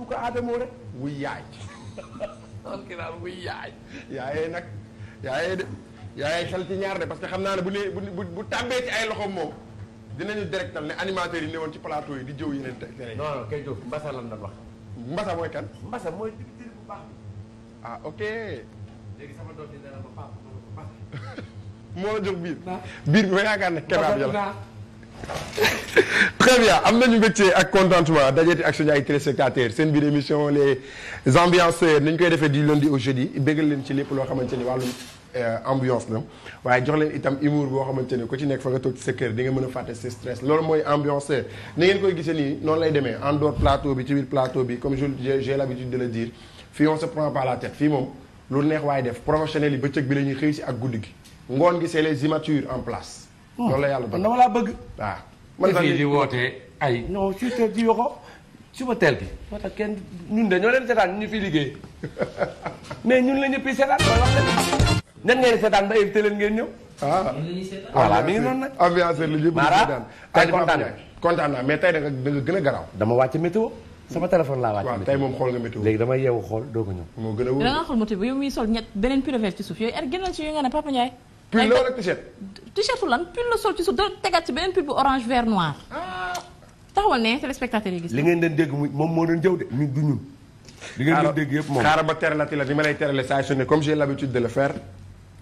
bu ko aadamoo rek wuy yaay an nag yaayee de yaayee xel ci ñaar de parce que xam naa ne bu nee bu bu ci ay loxo moom dinañu directal ne animateurs yi ne woon ci plateau yi di jëw yeneen télé non non kay jëw mbasa lan doon mbasa mooy kan mbasa mooy directeur bu baax ah moo jox biir biir bi ma yaakaar ne kebaab yàlla très bien am nañu mbégte ak contentement dajeeti ak suñu ay téléspectateurs seen biir émission les ambianceurs ni ñu koy defee du lundi au jeudi béggal leen ci lépp loo xamante ni wàllum euh, ambiance la waaye jox leen itam humour boo xamante ni ko ci nekk fa nga toog ci sa kër di nga mën a fàtte sa stress loolu mooy ambianceur ni ngeen koy gisee nii noonu lay demee en dehors plateau bi ci biir plateau bi comme je j'ai l'habitude de le dire fii on se prend par la tête fii moom bi la ñuy xëy ak guddi gi ngoon les immatures en place Hmm. loolu la yàlla bëgg dama laa bëgg. waaw man fii di wootee ay. non si te di ko suba teel bi. moo tax kenn ñun de ñoo leen seetaan ñu fi liggéey mais ñun la ñëpp yi seetaan loolu wax dëgg. ñan ngeen ba éviter leen ngeen ñëw. ah voilà mi ngi noonu nag. ambiance li ñëpp seetaan tey kontaan mais tey da nga da nga a garaaw. dama wàcc météo. sama téléphone laa wàcc. waaw tey moom xool nga météo léegi damay yeewu xool doo ko ñëw. moo gën a wóor da nga xool météo yow miy sol ñett beneen pirover ci suuf yooyu er gënal ci yu nga ne Papa Ndiaye pull la wala t-shirt. t-shirt lan pull la sol ci suuf da beneen pull bu orange vert noir. Ah. taxawal ne téléspectateur yi gis. li ngeen doon dégg moom moo doon jëw de ñun du ñun. li ngeen doon dégg yëpp moom xaaral ma teralati la ni ma lay terale saa su ne comme j'ai l'habitude de le faire.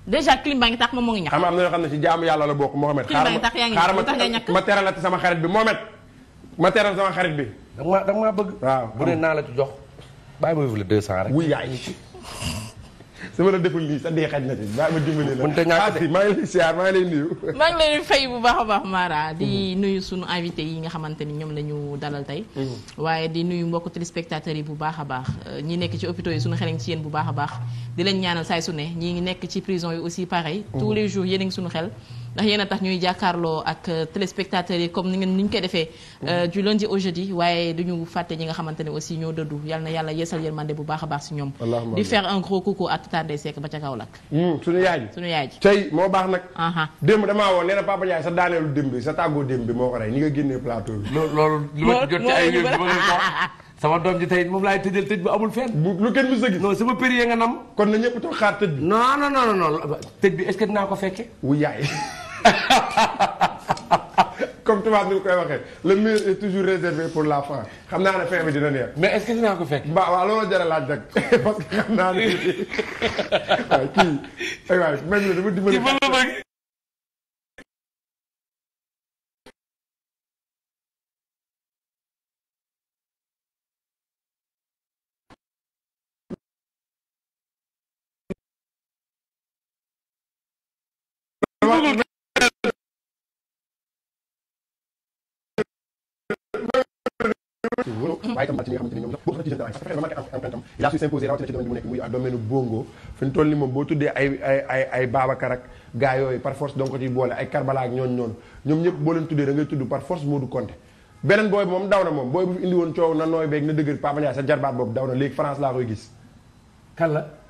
déjà clim baa ngi tax moom moo ngi ñax. xam nga am na yoo xam ne ci jaamu yàlla la bokk Mohamed. xaaral ma xaaral ma ma teralati sama xarit bi Mohamed. ma teral sama xarit bu ne naa la ci sama la deful nii sa dee xaj na ci baa ma dimbali la maa ngi lay siyaar maa ngi lay nuyu maa ngi lay fay bu baax a baax Mara di mm-hmm. nuyu sunu invité yi nga xamante ni ñoom lañu ñu dalal tey mm-hmm. waaye di nuyu mbokk téléspectateurs yi bu baax a baax euh, ñi nekk ci hôpitaux yi sunu xel ci yéen bu baax a baax di leen ñaanal saay su ne ñi ngi nekk ci prison yi aussi pareil mm-hmm. tous les jours yéen a xel ndax yéen a tax ñuy jàkkaarloo ak euh, téléspectateurs yi comme ni ngeen ni ñu koy defee euh, mm. du lundi au jeudi waaye duñu fàtte ñi nga xamante ne aussi ñoo dëddu yal na yàlla yeesal yërmande bu baax a baax si ñoom di faire un gros coucou à ba ca Kaolack mm, suñu yaay ji suñu yaay ji tey moo baax nag démb damaa woon nee na Papa sa daaneelu démb bi sa tàggoo démb bi moo ko rey ñi nga génnee plateau bi loolu li ma jot ci ay sama doom ji tey moom laay tëjal tëj bu amul fenn. bu lu kenn mës a gis. non sama péri nga nam. kon na ñëpp toog xaar tëj bi. non non non non tëj bi est-ce que ko fekke wu yaay comme tubaab ni mu koy waxee le mur est toujours réservé pour la fin xam naa ne fin bi dina neex. mais est-ce naa ko fekk. mbaa waaw looloo jar a rek parce que xam naa ne. la dama dimbali. waaye itam ci li nga ni yaa su ci domaine bongo fi mu toll ni moom boo tuddee ay ay ay ay Babacar ak gars yooyu par force donc ko ci boole ay Karbala ak ñooñu ñoom ñëpp boo leen tuddee dangay ngay tudd par force Modou Konté beneen booy bi moom daw na moom booy bu fi coow na nooy beeg na dëgër Papa Ndiaye sa jarbaat boobu daw na léegi France laa koy gis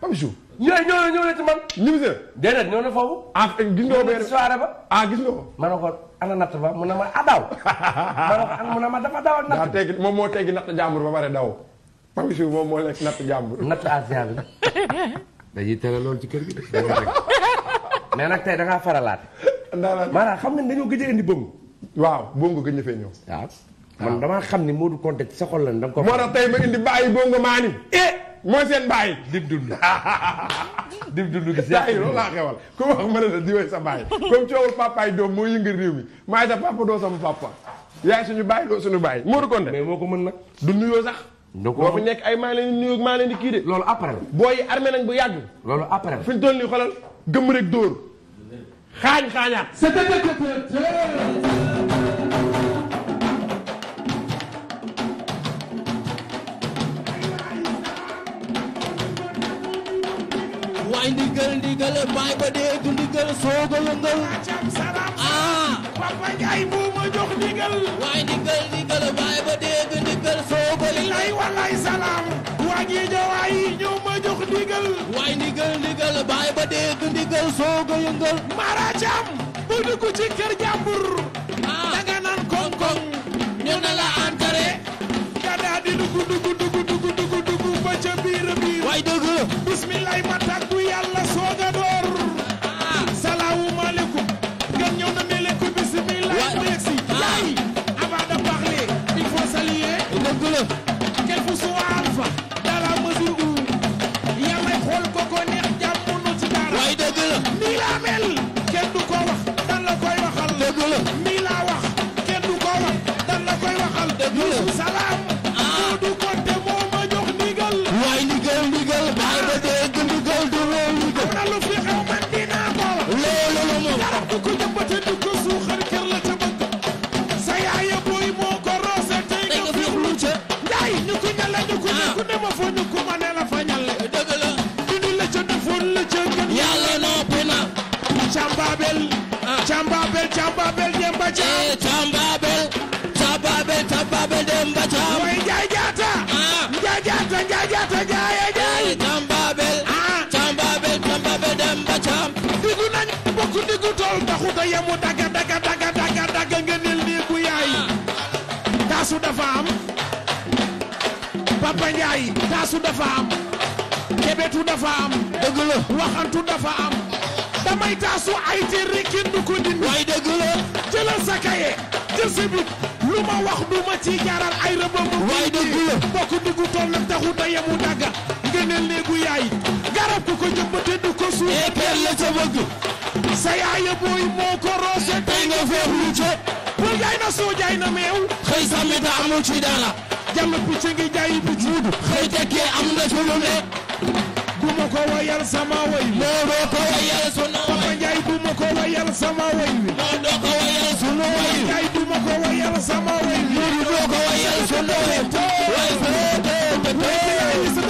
Pape Chou. ñooñu ñoo ñoo ne ci man. ñibise. déedéet ñoo ne foofu. a ah, gis nga ko benn soirée ba. ah gis nga ko. ma ne ko ana natt ba mu ne ma ah ma ne ko ah, mu ne ma daa teggi moom moo teggi natt jàmbur ba pare daw. Pape Chou moom moo lekk natt jàmbur. natt Asia ci kër gi de. mais nag tey da ngaa faralaat. daanaka maanaam xam nañ dañoo gëj a indi bëngu. waaw bëngu gëj na fee ñëw. waaw ni Modou Konté ci la da nga ko. moo maani. eh. mooy seen baay. dib dund dib dund gis nga. loolu a xewal ku ma ne sa baay comme coowul papaay doom moo yëngal réew mi maay sa papa doo sama papa yaay suñu baay doo suñu baay Modou Konté. mais moo ko mën nag du nuyoo sax. doo ko nekk ay maa leen di nuyu maa leen di kii loolu après la. booy yi armé bu yàgg. loolu après la fi ñu toll nii xoolal gëmm rek dóor xaañ xaañaat. may ndigal ndigal may ba dee du ndigal soogal ngal ah papa Njaay moo ma jox ndigal waay ndigal ndigal may ba dee du ndigal soogal lay walay salaam waa ngi ñëwaay ñëw ma jox ndigal waay ndigal ndigal may ba dee du ndigal soogal ngal mara jam bu dugg ci kër jàmbur ah. da nga naan koŋ-koŋ ñu ne la entrée nga daal di dugg dugg dugg dugg dugg dugg ba ca biir biir waay dëgg bismillah matak taasu dafa am Papa Ndiaye taasu dafa am kebetu dafa am dëgg waxantu dafa am damay taasu ay te rekkin du ko jëlal sa kaye jël sa bit lu ma wax du ma ci jaaral ay rëbam waaye dëgg la bokk diggu tool nag taxu ta yemu dagga ngëneel néegu yaay garab ku ko jëmbate du ko suuf eekeer eh, la ca bëgg sa yaaya booy moo ko roose tey nga feex lu ca bul jaay na soo jaay na meew xëy sàmmi ta amul ci dara jàll picc ngi jaayi picc wudu xëy tekkee am na ci ne du ma ko wayal sama way moo doo ko wayal duma ko wayal sama way wi doo ko wayal sunu way kay duma ko wayal sama way wi doo ko wayal sunu way way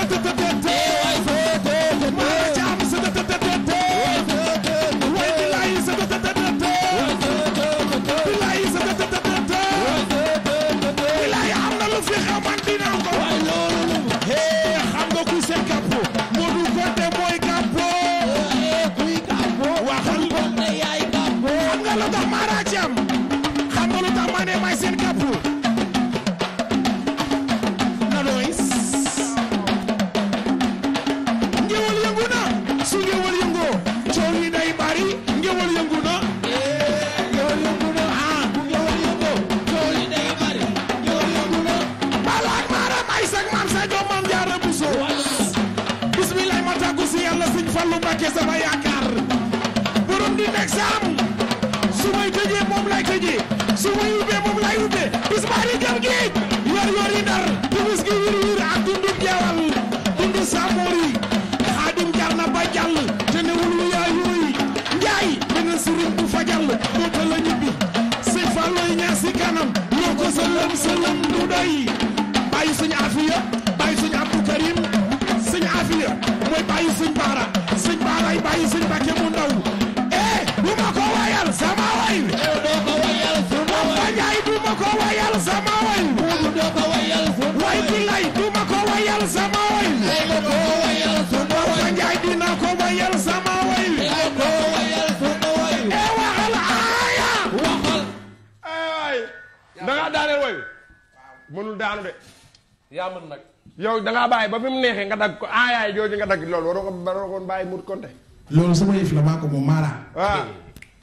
daa bàyyi ba mu neexee nga dagg ko aayaay jooju nga dagg loolu waroo ko waroo ko bàyyi mu konte loolu sama yëf la maa ko moom maara waaw ah.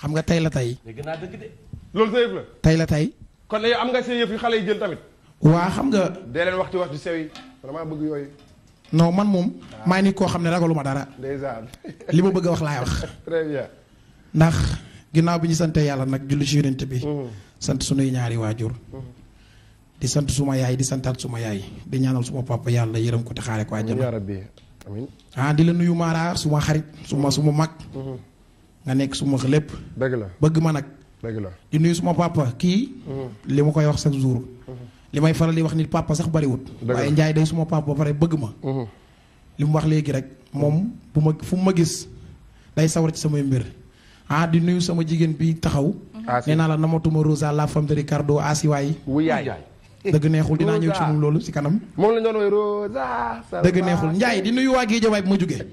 xam nga tey la tey dégg naa dëgg loolu tey la tey kon yow am nga sa yëf yu xale yi jël tamit waa xam nga dee leen waxtu waxtu sew yi vraiment bëgg yooyu non man moom maa ngi koo xam ne ragalu ma dara li ma bëgg a wax laay wax ndax ginnaaw bi ñu sante yàlla nag julli ci yonent bi mm-hmm. sant sunuy ñaari waajur mm-hmm. di sant suma yaay di santaat suma yaay di ñaanal suma papa yàlla yërëm ko te xaare ko àjjana. amiin ah di la nuyu Mara suma xarit suma suma mag. Mm-hmm. nga nekk suma lépp. dëgg la bëgg ma nag. dëgg la di nuyu suma papa kii. Mm-hmm. li ma koy wax chaque jour. Mm-hmm. li may faral di wax nit papa sax bariwut waaye Ndiaye day suma papa ba pare bëgg ma. li mu wax léegi rek moom bu ma fu ma gis day sawar ci samay mbir ah di nuyu sama jigéen bi taxaw. nee naa la namatuma Rosa la femme de Ricardo Asiwaay. dëgg neexul dinaa ñëw ci moom loolu si kanam. moom lañ doon woy Rosa. dëgg neexul Ndiaye di nuyu waa Géejawaay bu ma jugee.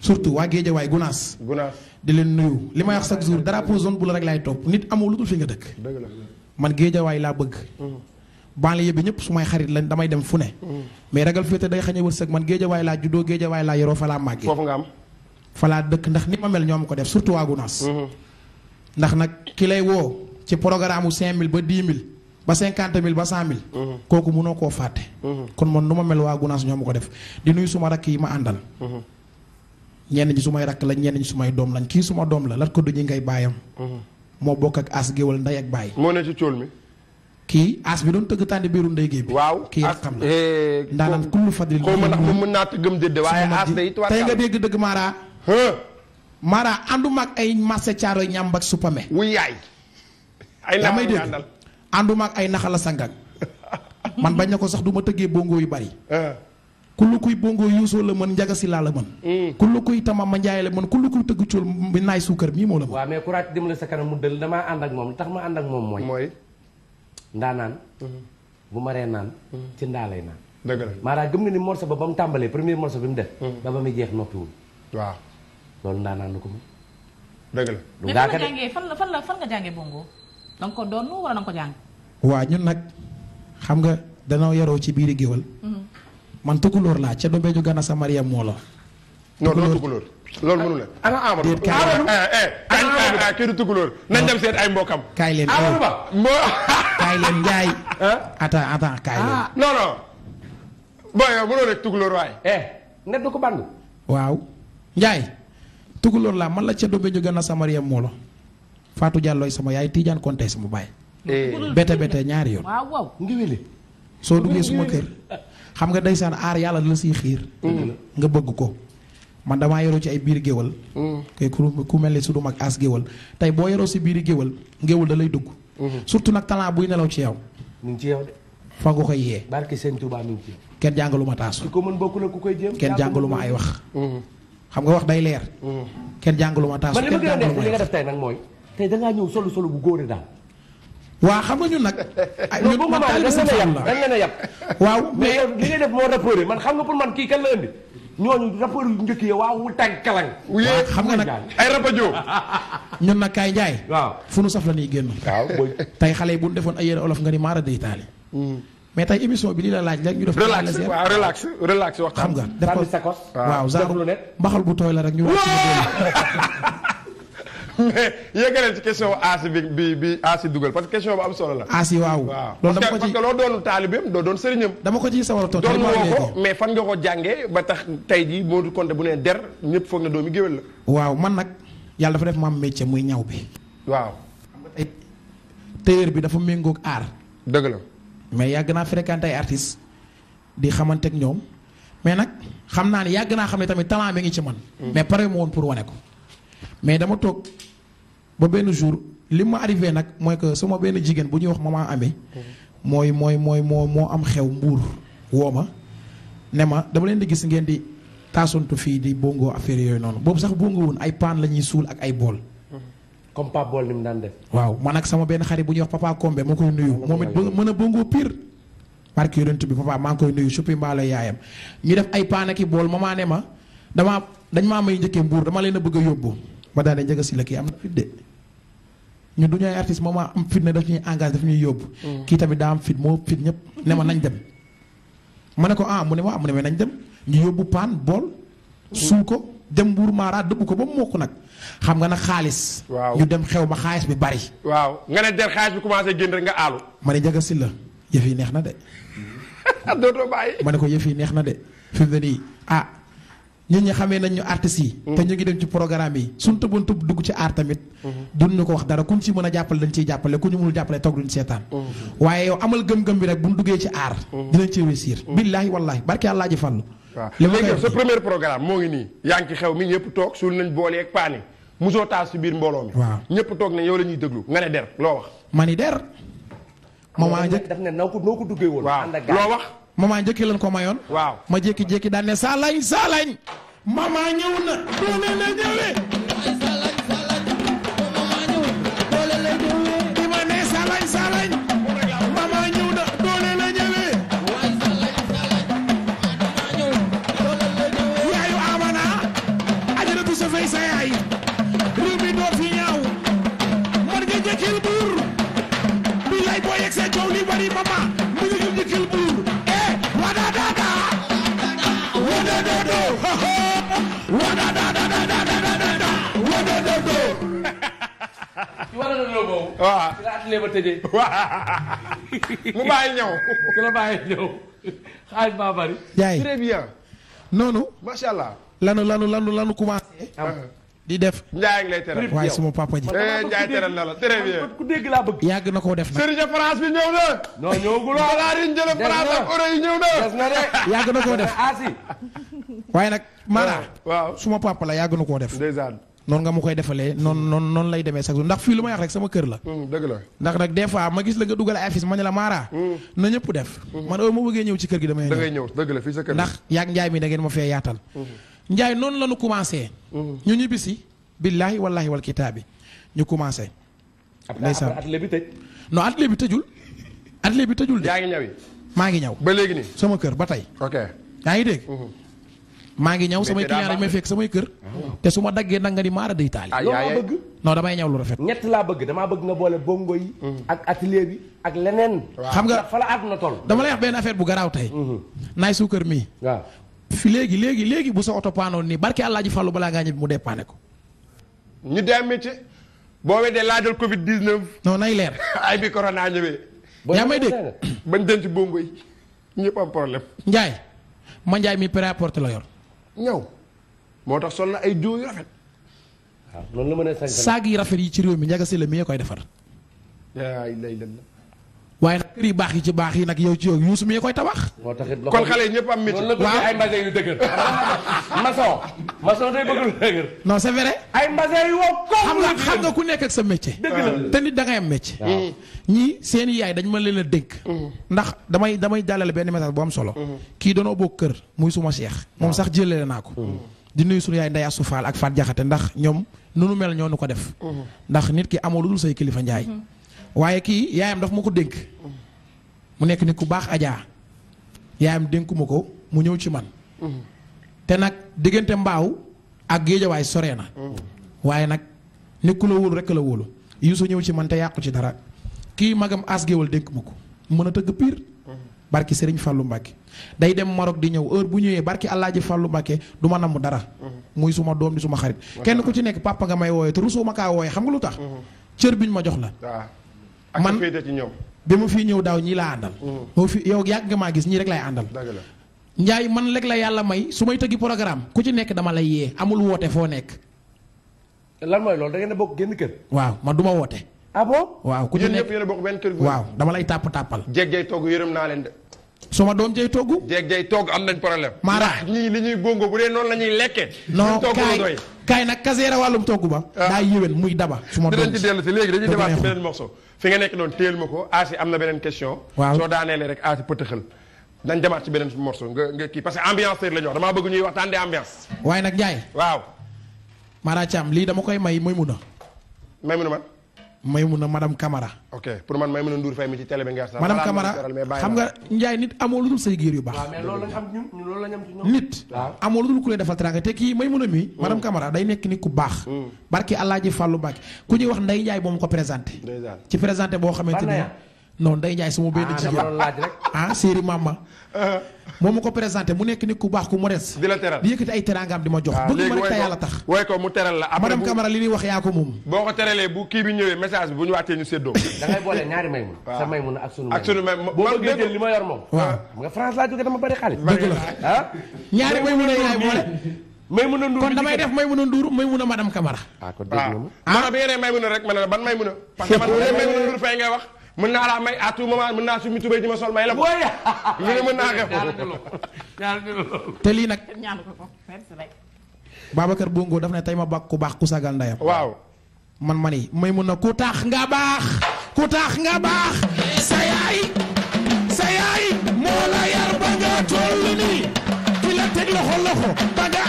surtout waa Géejawaay Gunaas. Gunaas di leen nuyu li may wax chaque jour drapeau zone bu la rek lay topp nit amul lu fi nga dëkk. dëgg la man Géejawaay laa bëgg. Mm-hmm. banlieue bi ñëpp su may xarit lañ damay dem fu ne. Mm-hmm. mais ragal féete day xañe wërsëg man Géejawaay laa juddoo Géejawaay laa yoroo fa laa màggee. foofu nga am. fa dëkk ndax ni ma mel ñoom ko def surtout waa Gunaas. Mm-hmm. ndax nag ki lay woo ci programme mu 5000 ba 10 000 ba cinquante mille ba cent mille. Mhm. kooku mënoo koo fàtte. Mhm. kon man nu ma mel waa Gunaas ñoo ma ko def di nuyu suma rakk yi ma àndal. Mhm. ñenn ñi sumay rakk la ñenn ñi sumay doom lañ kii suma doom la lat ko duñu ngay baayam. moo bokk ak as géwal ndey ak baay. moo ne ci cóol mi. kii as bi doon tëgg tànn biiru ndey bi. waaw kii ak xam la eh, ndaanaan kullu fadli. xaw ma ndax moom mën naa tëggam déedéet waaye as day. tey nga dégg dëgg Mara. Mara ànduma ak ay marché caaro ñàmb ak supame. wuy yaay. ànduma ak ay naxala sangak man bañ na ko sax du ma tëggee bongo yu bari ah. ku lu kuy bongo yuusoo la mën njaga si laa la mën hmm. ku lu kuy tamama njaay la mën ku kuy tëgg cool mi naay suukar mii moo la mën waaw mais courage dimbali sa kanam mu dël dama ànd ak moom tax ma ànd ak moom mooy ndaanaan hmm. bu ma naan hmm. ci ndaa lay naan dëgg la maanaam gëm nga ni morceau ba ba mu tàmbalee premier morceau bi mu def ba ba muy jeex noppiwul waaw loolu ndaanaan lu ko mën dëgg la mais fan jàngee fan la fan la fan nga jàngee bongo da nga ko doon wala da nga ko jàng waa ñun nag xam nga danoo yaroo ci biiri géwal mm-hmm. man tukulóor laa ca dobeju gana sa Mariam moo la. non non tukulóor loolu mënu la. ana Amadou déet kaay leen Amadou Ba eh, eh, moo. Ah. kaay leen Ndiaye. Ah. booy yow mënoo nekk tukulóor waaye. eh du ko bandu. waaw Ndiaye. tukulóor laa man la ca dobeju gana sa Mariam moo la. Fatou sama yaay Tidiane Konté sama baay. Eh, bete bete ñaari yoon. waaw waaw ngéwéle soo duggee suma kër xam nga ndeysaan aar yàlla la siy xiir. Mm. nga bëgg ko. man damaa yoroo ci ay biir géwal mm. kay ku mel ni su du mag as géwal tey boo yoroo si biir géwal ngéwal da lay dugg mm-hmm. surtout nag talent buy nelaw ci yaw mu ngi ci yow de fa nga koy yee mu ngi ci yow kenn jàngalu ma taasu ko mën bokk ku koy kenn jàngalu ma ay wax mm-hmm. xam nga wax day leer mm-hmm. kenn jàngalu ma taasu kenn jàngalu ma li nga def tey nag mooy tey dangaa ñëw solu solu bu góore daal waa xam nga ñun nag. ñun bu ma waxee dañ leen a yab waaw mais li ngay def moo rapport man xam nga pour man kii ka la indi ñooñu rapport yu njëkk yi waaw wu tànkalang. waaw xam nga nag ay rapajo. ñun jaay. waaw fu nu saf la nii génn. waaw tey xale yi bu ñu defoon ay yére olof nga ni maara day taali. Hmm. mais tey émission bi lii la laaj rek ñu def. relax waaw relax relax waxtaan. xam nga def ko waaw genre mbaxal bu tooy la rek ñu. yëgaleen ci question aasi bi bi bi aasi dugal am solo la. aasi waaw. lool dama ko parce que loo doon taalibeem doo doon sëriñam. dama ko ciy sawar a tontu mais fan nga ko jàngee ba tax tey jii Modou Konté bu nee der ñëpp foog na doomi géwél la. waaw man nag yàlla dafa def ma am métier muy ñaw bi. waaw. tey bi dafa méngoog aar. dëgg la. mais yàgg naa fréquenté ay di xamante ak ñoom mais nag xam naa ne yàgg naa xam ne tamit talent mi ngi ci man. Hmm. mais pare mu woon pour wane ko. mais dama toog ba benn jour li ma arrivé nag mooy que sama benn jigéen bu ñuy wax maman amee mooy mooy mooy moo moo am xew mbuur woo ma ne ma dama leen di gis ngeen di taasantu fii di bongo affaire yooyu noonu boobu sax bongo woon ay paan la ñuy suul ak ay bool. comme Bool ni daan def. waaw man ak sama benn xarit bu ñuy wax papa Kombe ma koy nuyu. moom it mën a bongo bi papa maa ngi koy yaayam ñu def ay paan bool maman ne ma damaa dañ maa may njëkkee mbuur dama leen a bëgg a yóbbu. ma daal di njëkk si la kii am na fit de ñun du ñu ay artiste moom am fit ne daf ñuy engagé daf ñuy yóbbu. Mm. kii tamit daa am fit moo fit ñëpp ne ma nañ dem. ma ne ko ah mu ne waaw mu ne ma nañ dem ñu yóbbu paan bool. Mm. suul ko dem mbuur maara dëbb ko ba mu mokk nag xam nga nag xaalis. waaw ñu dem xew ma xaalis bi bari. waaw nga ne der xaalis bi commencé génn rek nga aalu. ma ne njëkk si la yëf yi neex na de. ma ne ko yëf yi neex na de fi mu nii ah. nit ñi xamee nañ ñu artistes yi. Mm-hmm. te ñu ngi dem ci programme yi suñ tëboon tëb dugg ci art tamit. Mm-hmm. duñ ñu ko wax dara kuñ ci mën a jàppale dañ ciy jàppale ku ñu mënul jàppale toog duñ seetaan. Mm-hmm. waaye yow amal gëm-gëm bi rek bu ñu duggee ci art. dinañ ci réussir. billaahi wallaahi barki yàlla ji fàllu. waaw léegi sa premier programme moo ngi nii. yaa ngi xew mi ñëpp toog suul nañ boole ak paani musoo taas si biir mbooloo mi. waaw ñëpp toog nañ yow la ñuy déglu nga ne der loo wax. ma i der. moom maa njëkk daf ne noo ko duggee woon. ànd ak loo wax maman njëkkee lan ko mayoon. waaw ma jékki-jékki daan ne saalañ saalañ. maman ñëw na. doone ci wàllu lëloo ba tëjee. mu bàyyi ñëw. ku la bàyyi ñëw noonu. lanu lanu lanu lanu commencé. Ah. di def. Ndiaye ak lay teral waaye suma papa ji. Eh, Ndiaye teral na la dégg laa bëgg. yàgg na koo def nag. Serigne yi ñëw na. yàgg na koo def. Ah, waaye nag. maanaam. waaw suma papa la yàgg na koo def. ndeysaan. noon nga ma koy defalee noon noonu noonu lay demee sax ndax fii lu ma wax rek sama kër la. Hmm, dëgg la ndax nag des fois ma gis la nga dugal ay affiche ma ne la Mara. Hmm. na ñëpp def. Hmm. man heure ma bëggee ñëw ci kër gi damay. da ngay ñëw dëgg la fii sa kër ndax yaag Njaay mi da ngeen ma fee yaatal. Njaay noonu la ñu commencé. ñu ñibbisi billaahi wallaahi wal kitaabi ñu commencé. ndeysaan après atelier bi tëj. non atelier bi tëjul. atelier bi tëjul de. yaa ngi maa ngi ñaw ba léegi nii sama kër ba tey. ok yaa ngi dégg maa ngi ñëw samay client dañ may fekk samay kër. Ah. te su ma daggee nag nga ni maara day taali. loolu damay ñaw lu rafet. ñett laa bëgg damaa bëgg nga boole bongo yi. Mm. ak atelier bi ak leneen. xam nga fa la àdduna toll. dama lay wax benn affaire bu garaaw tey. Mm-hmm. naay suukar mii. waaw fi léegi léegi léegi bu sa oto paanoon nii barke Alaaji Fàllu balaa ngaa ñëw mu dépanne ko. ñu dee métier. boo weddee laajal Covid 19. nay leer. ay bi corona ñëwee. yaa may dégg bañ denc bongo yi ñëpp am problème. mi prêt à la yor ñaw moo tax sol na ay jiw yu rafet. waaw noonu la mën a saag yi rafet yi ci réew mi ñaga si la mi koy defar. yaa ilaaha waaye nag kër yu baax yi ci baax yi nag yow ci yow yuusu mi koy tabax. moo taxit loxo kon xale yi ñëpp am métier. waaw loolu ay mbasin yu dëgër. maçon xam nga xam nga ku nekk ak sa métier. dëgg la te nit da am métier. Mm. ñii seen yaay dañ ma leen a dénk. Mm. ndax damay damay jàllale benn message bu am solo. Mm. kii danoo bokk kër muy suma seex. moom sax jëlale naa ko. di nuyu sunu yaay Ndeye Assou ak Fat Jaxate ndax ñoom nu nu mel ñoo nu ko def. ndax nit ki amoo lu dul say kilifa njaay waaye kii yaayam daf ma ko dénk mu nekk nit ku baax ajaa yaayam dénku ma ko mu ñëw ci man te nag diggante mbaaw ak géejawaay sore na waaye nag nit ku la wóolu rekk la wóolu Youssou ñëw ci man te yàqu ci dara kii magam as géwal dénk ma ko mën a tëgg piir barki Serigne lu Mbacke day dem Maroc di ñëw heure bu ñëwee barki Alaaji Fallou Mbacke du ma namm dara. muy suma doom di suma xarit. kenn ku ci nekk papa nga may wooyee te rusoo ma kaa wooyee xam nga lu tax. Mm-hmm. cër ma jox la. man ci ñoom. bi mu fii ñëw daaw ñii laa àndal. Mm. yow yàgg nga maa gis ñii rek lay àndal. njaay man rek la yàlla may su may tëggi programme ku ci nekk dama lay yee amul woote foo nekk. lan mooy loolu ngeen bokk génn kër. waaw man du ma woote. ah bon waaw ku ci bokk benn kër. waaw dama lay tàpp tàppal. jeeg jay togg yërëm naa leen de. ma doom jay togg. jeeg jay togg am nañ problème. maanaam ñii li ñuy góngoo bu dee noonu la ñuy lekkee. non kaay kaay nag kaseera wàllum togg ba ah. daa yéwén muy daba su ma dinañ ci dellu si léegi dañuy demaat ci beneen morceau fi nga nekk noonu téel ma ko aasi am na beneen question soo daaneele rek aasi pëtëxal dañ demaat ci beneen morceau nga nga kii parce ambiance tër la wax damaa bëgg ñuy waxtaan di ambiance waaye nag Ndiaye waaw maanaam Thiam lii dama koy may muy mun a may mun a man Maymuna madame Camara. ok pour man Maymuna Ndour Faye mi ci télé bi nga madame Camara xam nga Ndiaye nit amoo lu dul say géer yu baax. waaw mais am ñun loolu la ñu am ci ñoom. nit amoo lu dul ku lay defal teraanga te kii Maymuna mi. Mm. madame Camara day nekk nit ku baax. Mm. barki Alaaji Fàllu Mbàkke ku ñuy wax Ndeye Ndiaye moom ko présenté. ci présenté boo xamante ni. non Ndeye Ndiaye sama benn ah, jigéen ah séeri mama moo ma ko présenté mu nekk nit ku baax ku modeste. di la teral di yëkkati ay teraangaam di ma jox. waaw ah, léegi wooy ko yàlla tax wooy ko mu teral la. madame may mun. a yaay boole. a a a a a. may mun a nduur fay ah, ngay wax mën naa laa may à tout moment mën naa summi tubéy ji ma sol may la ko. lu ne mën naa xew te lii nag. kër Bongo daf ne tey ma bàkk ku baax ku sagal ndeyam. man ma ni may mun na ku tax nga baax ku tax nga baax sa yaay sa yaay moo la yar ba nga toll nii ki la teg loxo loxo ba nga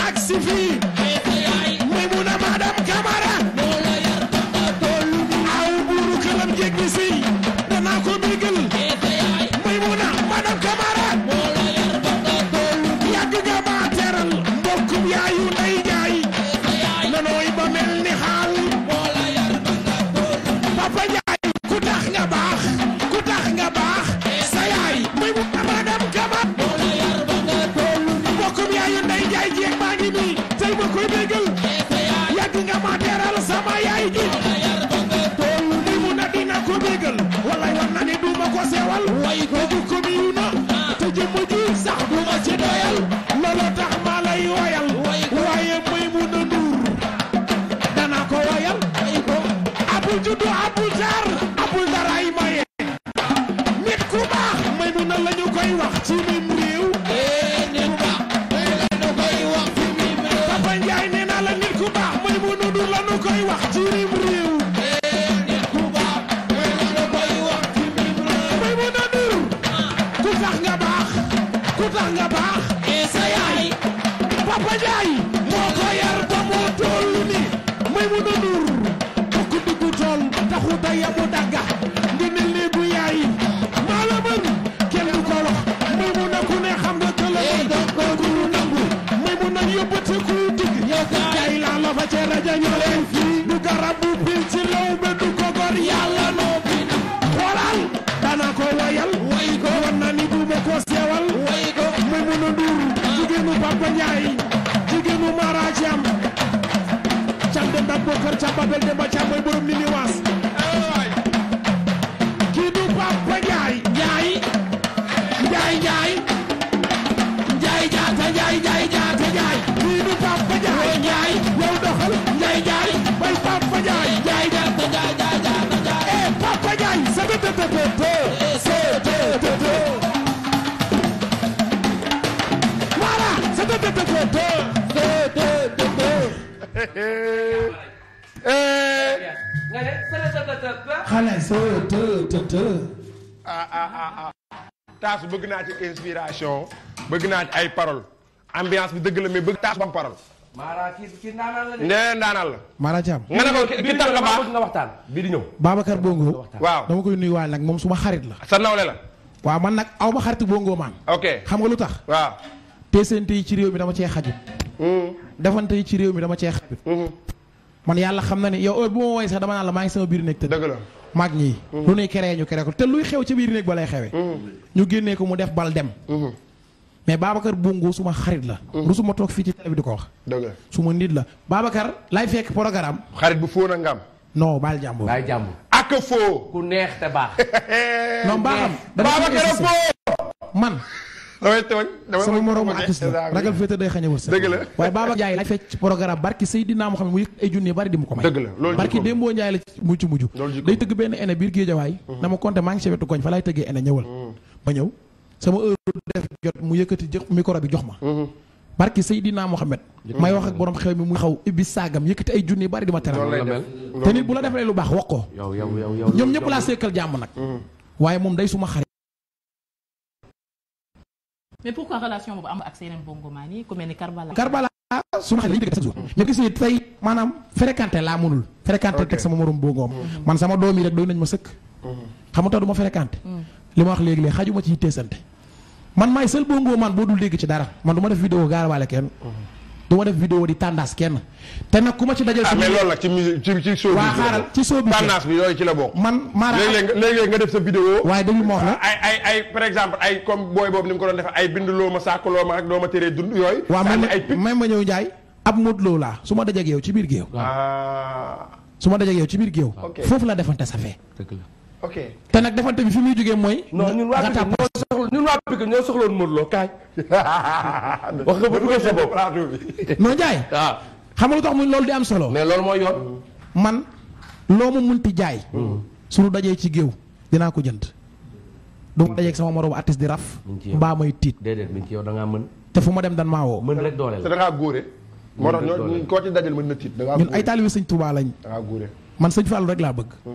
nañu leen fii du garabu pil ci law ba du ko gor yàlla noo fi na xoolal dana ko wayal way ko wan na ni duma ko sewal way ko muy mun a nduur jigéenu Papa jigéenu Mara Jam cam de ndab bokkar ca babel de ba cam mooy borom liliwaas xale soo të të të. ah ah ah taasu bëgg naa ci inspiration bëgg naa ci ay paroles ambiance bi dëgg la mais bëgg taasu bam parole Mara kii kii ndaanal la de. nee ndaanal la. nga ne ko ki waxtaan bii di ñëw. Babacar Bongo. waaw dama koy nuyuwaale nag moom suma xarit la. sa nawle la. waa man nag aw ma xarit Bongo maan. ok xam nga lu tax. waaw. teesante yi ci réew mi dama cee xajut. Hmm. defante yi ci réew mi dama cee xajut. Hmm. man yàlla xam na ni yow heure bu ma woowee sax dama naan la maa ngi sama biir nekk tëdd. dëgg la maag ñii. Hmm. lu nuy créé ñu créé ko te luy xew ci biir néeg ba lay xewee. ñu génnee ko mu def bal dem. mais Babacar Bongo suma xarit la. Mm. ma toog fii ci télé bi di ko wax. suma nit la Babacar lay fekk programme. xarit bu foo na nga am. non baal jàmbur. baal jàmbur ak foo. ku neex te baax. non baaxam. a foo. man. damay tooñ damay sama moroomu artiste la ragal féete day xañe wërsëg. dëgg la waaye Babacar Ndiaye lay fekk ci barki Seydina Mohamed mu yëg ay junni bari di mu ko may. barki Dembo Ndiaye la ci mujj day tëgg benn ene biir Géejawaay. Mm-hmm. na ma compté maa ngi ci wetu koñ fa laay tëggee ene ñëwal. ba mm. ñëw sama heure def jot mu yëkkati jox micro bi jox ma. Mhm. barki Seydina Mohamed. may wax ak borom xew mi mu xaw ibbi saagam yëkkati ay junni yu bari di ma teral. te nit bu la defalee lu baax wax ko. yow yow yow ñoom ñëpp laa sekkal jàmm nag. Mhm. waaye moom day suma xarit. mais pourquoi relation am ak seen bongomaan yi ku mel ni Karbala. suma xarit maanaam fréquenté laa mënul. fréquenté teg sama morom bongoom. Mhm. man sama doom yi rek doy nañ ma sëkk. xam nga tax du ma fréquenté. li ma wax léegi léegi xajuma ci teesante man maay seul bongo man boo dul dégg ci dara man du ma def vidéo gaarawaale kenn. du ma def vidéo di tàndaas kenn te nag ku ma ci dajal. ah loolu nag ci musique ci ci show yooyu ci la bokk. man maanaam léeg-léeg nga def sa vidéo. waaye dañu ma wax la ay ay par exemple ay comme booy boobu ni mu ko doon defee ay bind loo ma sàkk loo ma ak doo ma teree dund yooyu. waaw man ay pic ma ñëw Ndiaye ab mot loo laa su ma dajee ak yow ci biir géew. Ah. su ma dajee ak ci biir géew. foofu la defante sa fee. la ok te nag defante bi fi muy jógee mooy. non ñun waa Pikine ñoo soxla ñun waa Pikine ñoo soxla woon Modou Lo wax nga ba dugal sa bopp plateau bi. Ah. xam tax muy loolu di am solo. mais loolu mooy yoon. man loo ma munti jaay. Hmm. suñu dajee ci géew dinaa ko jënd. du ma hmm. dajeeg sama moromu artiste di raf. mbaa may tiit. da ngaa mën. te fu ma dem dan maa woo. mën rek doole la moo tax ñoo koo ci dajal na tiit. da ngaa góore ñun ay taalibe sëñ Tuubaa lañ. da man sëñ Fallou rek laa bëgg hmm.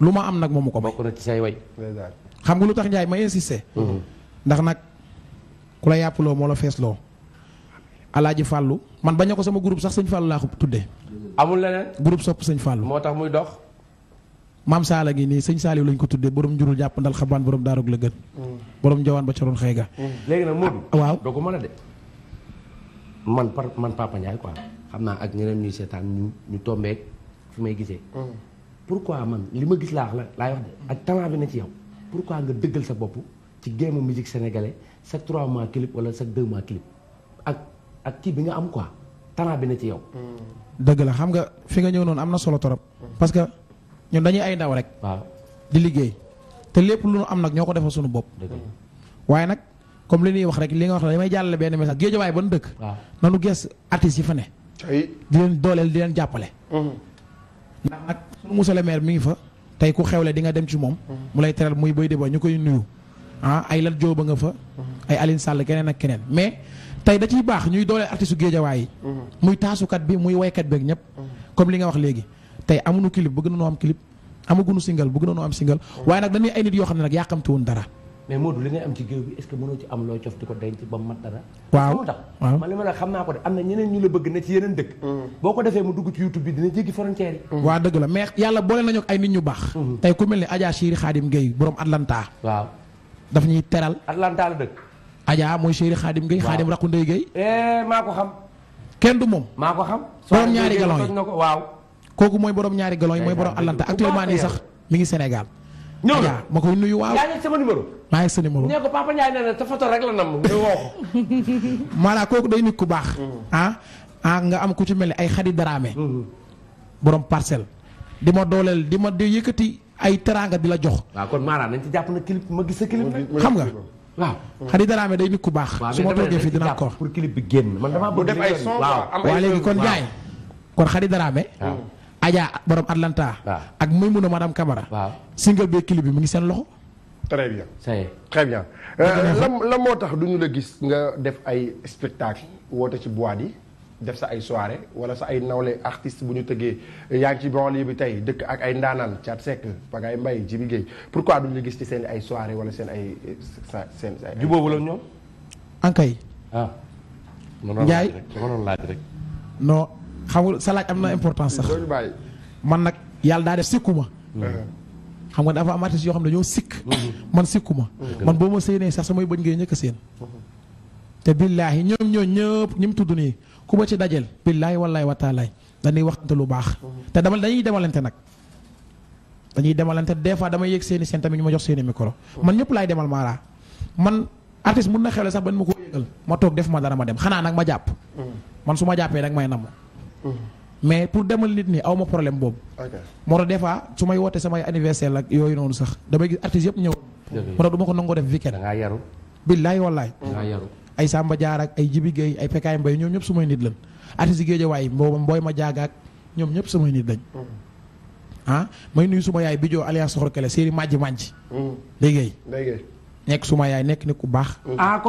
lu ma am nag moomu ko may. bokk na ci xam nga lu tax Ndiaye ma insisté. Mhm. ndax nag ku la loo moo la feesloo. Alaaji Fàllu man bañ ko sama groupe sax sëñ Fàllu laa ko tuddee. amul leneen. groupe sopp sëñ Fàllu. moo tax muy dox. maam Saala gi nii sëñ Saaliw lañ ko tuddee borom njurul jàpp ndal xabaan borom daaroog la gën. Mhm. borom njawaan ba coroon xëy ga. Mhm. léegi nag Modou. Ah, waaw doo ko mën de. man par man ko Ndiaye xam naa ak ñeneen ñuy seetaan ñu ñu tombé may gisee. pourquoi man li ma gis laax la laay wax de ak talent bi na ci yow pourquoi nga dëggal sa bopp ci géemu musique sénégalais chaque trois ma clip wala chaque deux mois clip ak ak kii bi nga am quoi talent bi na ci yow. dëgg la xam nga fi nga ñëw noonu am na solo trop parce que ñun dañuy ay ndaw rek. waaw di liggéey te lépp lu nu am nag ñoo ko defal sunu bopp. waaye nag comme li ñuy wax rek li nga wax ne damay jàllale benn message géejawaay ba nu dëkk. waaw nanu gees artistes yi fa ne. di leen dooleel di leen jàppale. monsieur le maire mi ngi fa tey ku xewle di nga dem ci moom. mu lay teral muy Boy Deba ñu koy nuyu. ah ay Lat Diop ba nga fa. ay Aline Sall keneen ak keneen mais tey da ciy baax ñuy dooleel artiste su géejawaay yi. muy taasukat bi muy waykat beeg ñëpp. comme li nga wax léegi tey amuñu clip bëgg na noo am clip amaguñu single bëgg na noo am single waaye nag dañuy ay nit yoo xam ne nag yàqamti dara. mais Modou li am ci géew bi est-ce que mënoo ci am loo cof di ko denc ba waaw xam naa ko de na ñeneen ñu la bëgg na ci yeneen dëkk. Mm. defee mu dugg ci YouTube bi dina jéggi frontière yi. Mm. waaw dëgg la mais yàlla boole nañu ak ay nit ñu baax. Mm-hmm. tey ku mel ni Adja Chéri Khadim Gueye borom Atlanta. waaw daf ñuy teral. Atlanta la dëkk. ajaa mooy Chéri Khadim Gueye. waaw Khadim Raku Ndeye Gueye. Eh, maa ko xam. kenn du moom. maa ko xam. borom ñaari galon yi waaw. kooku mooy borom ñaari galon yi mooy eh, borom Atlanta actuellement nii sax mi ngi Sénégal ñëw na ma koy nuyu waaw. yaa ngi sama numéro. maa ngi sa numéro. nee ko sa photo rek la kooku day nit ku baax. Mm-hmm. ah ah nga am ku ci mel ni ay xadi daraame. Mm-hmm. borom parcelle. di ma dooleel di ma di yëkkati ay teraanga di la jox. waaw kon maanaam nañ ci jàpp na clip ma gis xam nga. waaw xadi daraame day nit ku baax. su ma toogee fii dina ko wax pour clip bi génn léegi kon jaay kon xadi daraame. Adja borom Atlanta. ak Maymuna madame Camara. waaw single bee kili bi mu ngi seen loxo. très bien très bien. Euh, lan moo tax du ñu la gis nga def ay spectacle woote ci boîte yi def sa ay soirée wala sa ay nawle artiste bu ñu tëggee yaa ngi ci banlieue bi tey dëkk ak ay ndaanaan Thiat Seck Pagaye Mbaye Djibi Guèye pourquoi du la gis ci seen ay soirée wala seen ay seen ay. jubóo wala ñoom. ankay. ah. Ndiaye ma doon laaj rek non. xam nga sa laaj am na importance sax man nag yàlla daa def sikku ma mm-hmm. xam nga dafa am artiste yoo xam ne dañoo sikk mm-hmm. man sikku ma mm-hmm. man boo ma séenee sax samay bëñ ngay ñëkk séen seen te billaahi ñoom ñoo ñëpp ñi mu tudd nii ku ma ci dajel billaahi wallaahi wa taalaay dañuy waxante lu baax te dama dañuy demalante nag dañuy demalante des fois damay yëg seeni seen tamit ñu ma jox seeni micro man ñëpp laay demal maara man artiste mun na xewle sax ban ma ko yëgal ma toog def ma dara ma dem xanaa nag ma jàpp man su ma mais pour demal nit ñi aw ma problème boobu. moo tax des fois su may wootee samay anniversaire la ak yooyu noonu sax damay gis artistes yëpp ñëw. moo tax du ma ko nangoo def weekend. da ngaa yaru. billaay wallaay. da ngaa yaru. Mm-hmm. ay Samba Diar ak ay Jibi ay Pekaay Mbaye ñoom ñëpp sumay nit lañ ma jaagaak ñoom ñëpp sumay nit lañ. Mm-hmm. ah may nuyu suma yaay Bidjo alias Soxor Kelle Séeri Majji Majji. Mm-hmm. dégg nekk suma yaay nekk nit ku baax. Ah,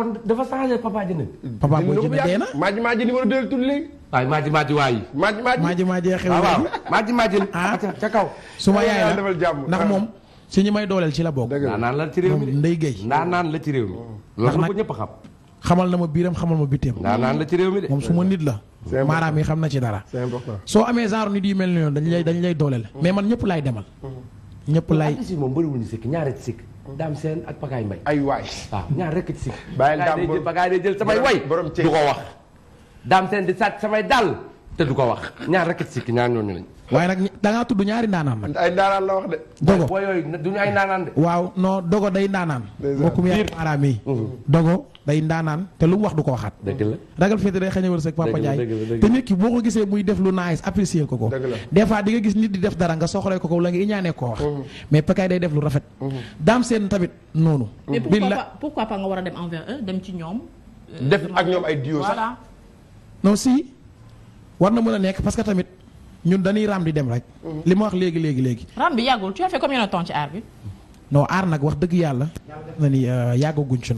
waaye maaji maaji waay yi. maaji maaji maaji xew waaw maaji maaji ah ca kaw. su ma yaay la ndax moom si ñi may dooleel ci la bokk. naan la ci réew mi Ndeye Gueye naan la ci réew mi. loolu ko ñëpp xam. xamal naan la ci réew mi de. moom su ma nit la. maaraam yi xam na ci dara. soo amee genre nit yu mel noonu dañu lay dañu lay dooleel. Mm. mais man ñëpp laay demal. ñëpp laay si moom bëriwuñu sikk ñaare ci sikk daam seen ak pakaay mbay ay waay waaw ñaar rek ci sikk. bàyyi daam bakaay day jël samay du ko wax daam seen di sàcc samay dàll te du ko wax ñaar rek sikki ñaar ñooñu lañ. waaye nag da ngaa tudd ñaari ndaanaan man. ay ndaanaan la dogo boo yooyu ay ndaanaan waaw non dogo day ndaanaan. mbokkum yaa maaraam te lu mu wax du ko waxaat. dëgg la ragal féete day xañe wërsëg Papa Ndiaye te nit ki boo ko gisee muy def lu nice apprécier ko ko. des fois di gis nit di def dara nga soxoree ko ko wala nga iñaanee ko wax. Mm-hmm. mais pekaay day def lu rafet. Mm-hmm. daam seen tamit noonu. mais pourquoi pas nga war a dem envers eux dem ci ñoom. Euh, def ak ñoom non si war na mën a nekk parce que tamit ñun dañuy raam di dem rek. Mhm. li ma wax léegi léegi léegi. raam bi yàggul tu as fait ci aar bi. non aar nag wax dëgg yàlla. def na ni euh, yàggaguñ ci.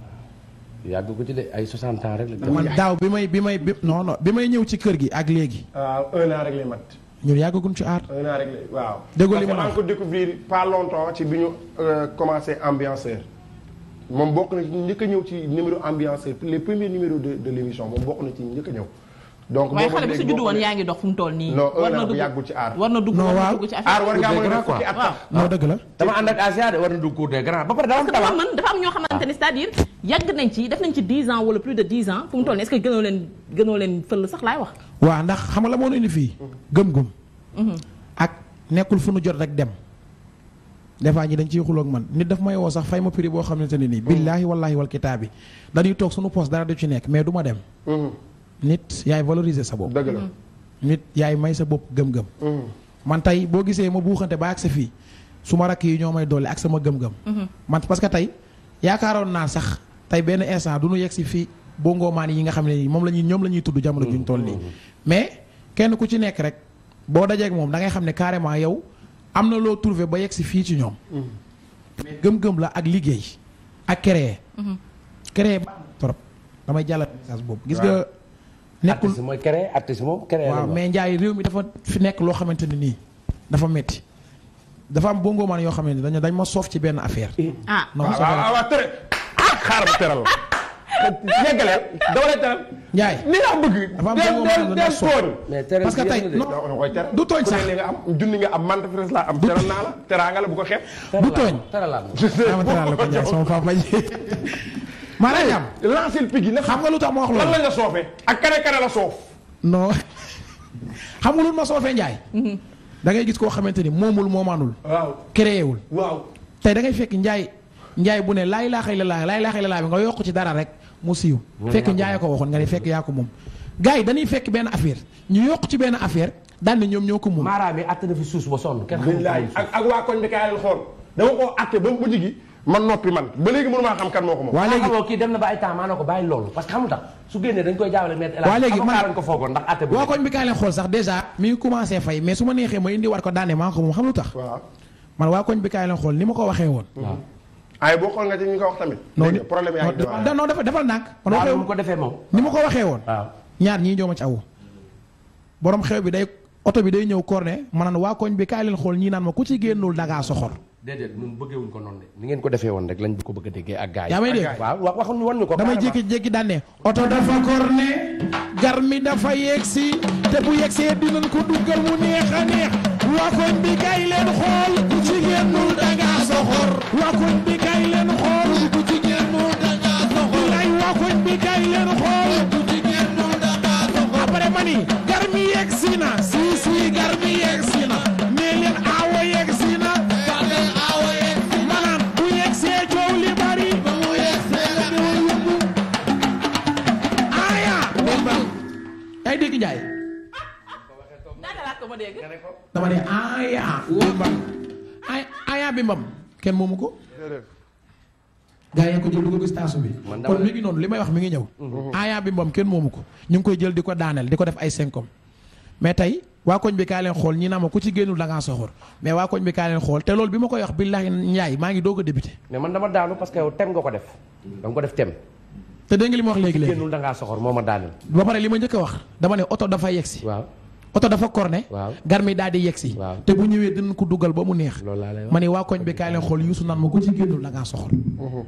de ay 60 ans rek la. man daaw bi may bi may bi non non may ñëw ci kër gi ak léegi. waaw ah, un rek lay mat. ñun yàggaguñ ci aar. un waaw. déggoo li ma wax ko découvrir pas ci bi ñu euh, commencé ambianceur. moom bokk na ci njëkk a ñëw ci numéro ambianceur les premiers numéros de de moom bokk na ci njëkk ñëw. donc waaye xale bi su judd woon yaa ngi dox fu mu nii. war na dugg war na dugg ci affaire a fukki at sax dëgg la dama ànd ak Asia war na dugg cours des grands ba pare dafa am man dafa am ñoo xamante ne c'est-à-dire yàgg nañ ci def nañ ci 10 ans wala plus de 10 ans fu mu toll nii est-ce que gënoo leen fël sax laay wax waa ndax xam nga la moo indi fii gëm-gëm mm-hmm. ak nekkul fu nu jot rek dem des ñi dañ ciy xuloog man nit daf ma woo sax fay ma prix boo xamante ne nii mm-hmm. billaahi wallaahi wal kitaabi dañuy toog suñu poste dara du ci nekk mais du ma dem mm-hmm. nit yaay valoriser sa bopp. dëgg la nit yaay may sa bopp gëm-gëm. Mm. man tey boo gisee ma buuxante ba ak sa fii su ma rakk yi ñoo may doole ak sama gëm-gëm. Mm-hmm. man parce que tey yaakaaroon naa sax tey benn instant du ñu yegg si fii bongomaan yi nga xam ne nii moom la ñuy la ñuy tudd jamono juñ toll nii. Mm-hmm. mais kenn ku ci nekk rek boo dajeeg moom da ngay xam ne carrément yow am na loo trouvé ba yegg si fii ci ñoom. Mm. mais gëm-gëm la ak liggéey ak créer. Mm-hmm. créer baax trop damay jàllale message boobu gis nga. nekkul mooy créer artiste moom waaw mais Ndiaye réew mi dafa fi nekk loo xamante ne nii dafa métti dafa am bongo man yoo xam ne dañ dañ ma soof ci benn affaire. Eh. ah waaw ah, waaw ah, waaw tere ah, xaaral ma teral la. yeggaleel dama lay teral. Ndiaye li nga dafa am bongo man dañ ma soof parce que tey non du tooñ sax bu ko xeeb. du tooñ. teral laa teral ko Ndiaye sama papa ji maanaam ñam lancel pigi na xam nga lu tax ma wax loolu lan la soofee xam nga lu ma soofee njaay mhm. da gis koo xamante ni moomul moomaanul waaw créé wul waaw tey da ngay fekk njaay njaay bu ne laay laaxay la laa laay laaxay la laa bi nga yokk ci dara rek mu siiw fekk njaay ko waxoon nga ne fekk yaa ko moom gars yi dañuy fekk benn affaire ñu yokk ci benn affaire daan na ñoom ñoo ko moom maaraam yi àtte na fi suus ba sonn koo àtte ba mu mujj gi man noppi man ba léegi mënu xam kan moo moom. waa léegi xamoo kii dem na ba ay temps maa na ko bàyyi loolu parce que xamul tax su génnee dañ koy jaawale met waa léegi man ko foogoon ndax atte waa koñ bi kaay leen xool fay mais su ma neexee ma indi war ko ko bi kaay xool ni ma ko waxee woon ay boo xool nga ko wax tamit non problème yaa dafa defal nànk man waxee ko defee moom ni ma ko waxee woon ñaar ñii jooma ci awu borom xew bi day oto bi day ñëw corné ma naan waa koñ bi kaay leen xool ñii naan ma ku ci génnul dangaa soxor déedéet ñun ko noonu de ngeen ko defee woon rek lañ ko bëgg a déggee ak gaay yaa may dégg waaw ko damay jékki-jékki daan oto dafa korne garmi dafa yegsi te bu yegsee dinañ ko duggal mu neex a neex waa bi kay leen xool ku ci génnul danga soxor waa bi kay leen xool ku ci génnul danga soxor lay waa koñ garmi yegsi na koy jaay. dama ne aaya. ay aaya bi mbam kenn moomu ko. gaa yaa ko jël dugal kon mi ngi noonu li may wax mi ngi ñëw. aaya mhm. bi mbam kenn moomu ko ñu ngi koy jël di ko daaneel di ko def ay senkom mais tey waa koñ bi kaa leen xool ñi naa ma ku ci génnul da ngaa soxor mais waa koñ bi a leen xool te loolu bi ma koy wax billahi njaay maa ngi doog a débuté. mais man dama daanu parce que yow tem nga ko def. da nga ko def tem. te dégg nga li ma wax léegi léegi génnul da ngaa soxor moo ma daaneel. ba pare li ma njëkk wax dama ne oto dafa yegsi. waaw oto dafa corné. waaw garmi daal di yegsi. waaw te bu ñëwee dinañ ko dugal ba mu neex. loolu laa ma ne waa koñ bi kaay leen xool Youssou naan ma ku ci génnul da ngaa soxor. Mm-hmm.